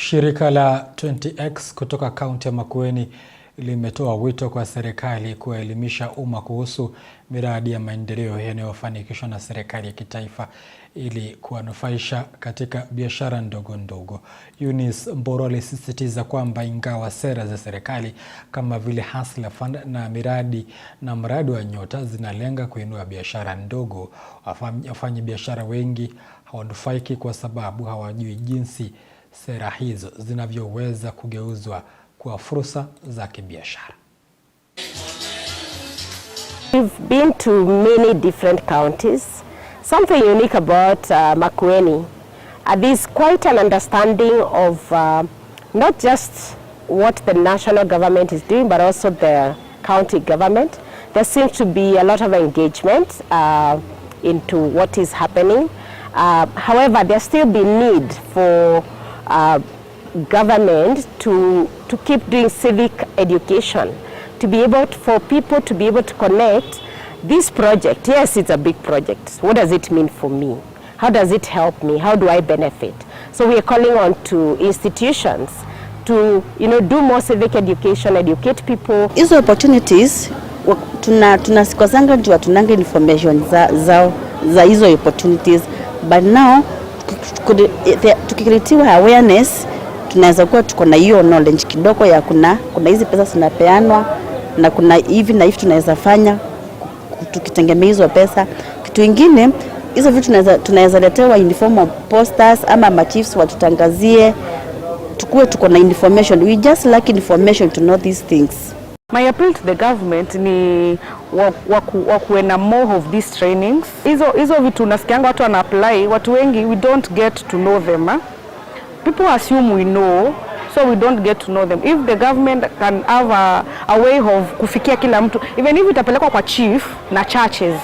Shirika la 20X kutoka kaunti ya Makueni limetoa wito kwa serikali kuwaelimisha umma kuhusu miradi ya maendeleo yanayofanikishwa na serikali ya kitaifa ili kuwanufaisha katika biashara ndogo ndogo. Eunice Mboro alisisitiza kwamba ingawa sera za serikali kama vile Hustler Fund na miradi na mradi wa Nyota zinalenga kuinua biashara ndogo, wafanyabiashara wengi hawanufaiki kwa sababu hawajui jinsi sera hizo zinavyoweza kugeuzwa kuwa fursa za kibiashara. We've been to many different counties. Something unique about uh, Makueni uh, there's quite an understanding of uh, not just what the national government is doing but also the county government. There seems to be a lot of engagement uh, into what is happening. Uh, however, there still be need for uh, government to, to keep doing civic education, to be able to, for people to be able to connect this project. Yes, it's a big project. What does it mean for me? How does it help me? How do I benefit? So we are calling on to institutions to, you know, do more civic education, educate people. these opportunities tuna tunasikwazanga tunanga information za, za, za hizo opportunities but now tukikreatiwa awareness tunaweza kuwa tuko na hiyo knowledge kidogo ya kuna kuna hizi pesa zinapeanwa na kuna hivi na hivi tunaweza fanya tukitegemea hizo pesa. Kitu ingine hizo vitu tunaweza letewa uniform posters ama machiefs watutangazie, tukuwe tuko na information. We just lack information to know these things. My appeal to the government ni wakuwe na more of these trainings. Hizo hizo vitu nasikianga watu wana apply, watu wengi we don't get to know them. Huh? Ah. People assume we know so we don't get to know them. If the government can have a, a way of kufikia kila mtu even if itapelekwa kwa chief na churches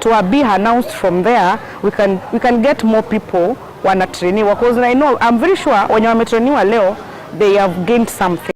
to be announced from there, we can, we can get more people wanatrainiwa because I know I'm very sure wenye wametrainiwa leo they have gained something.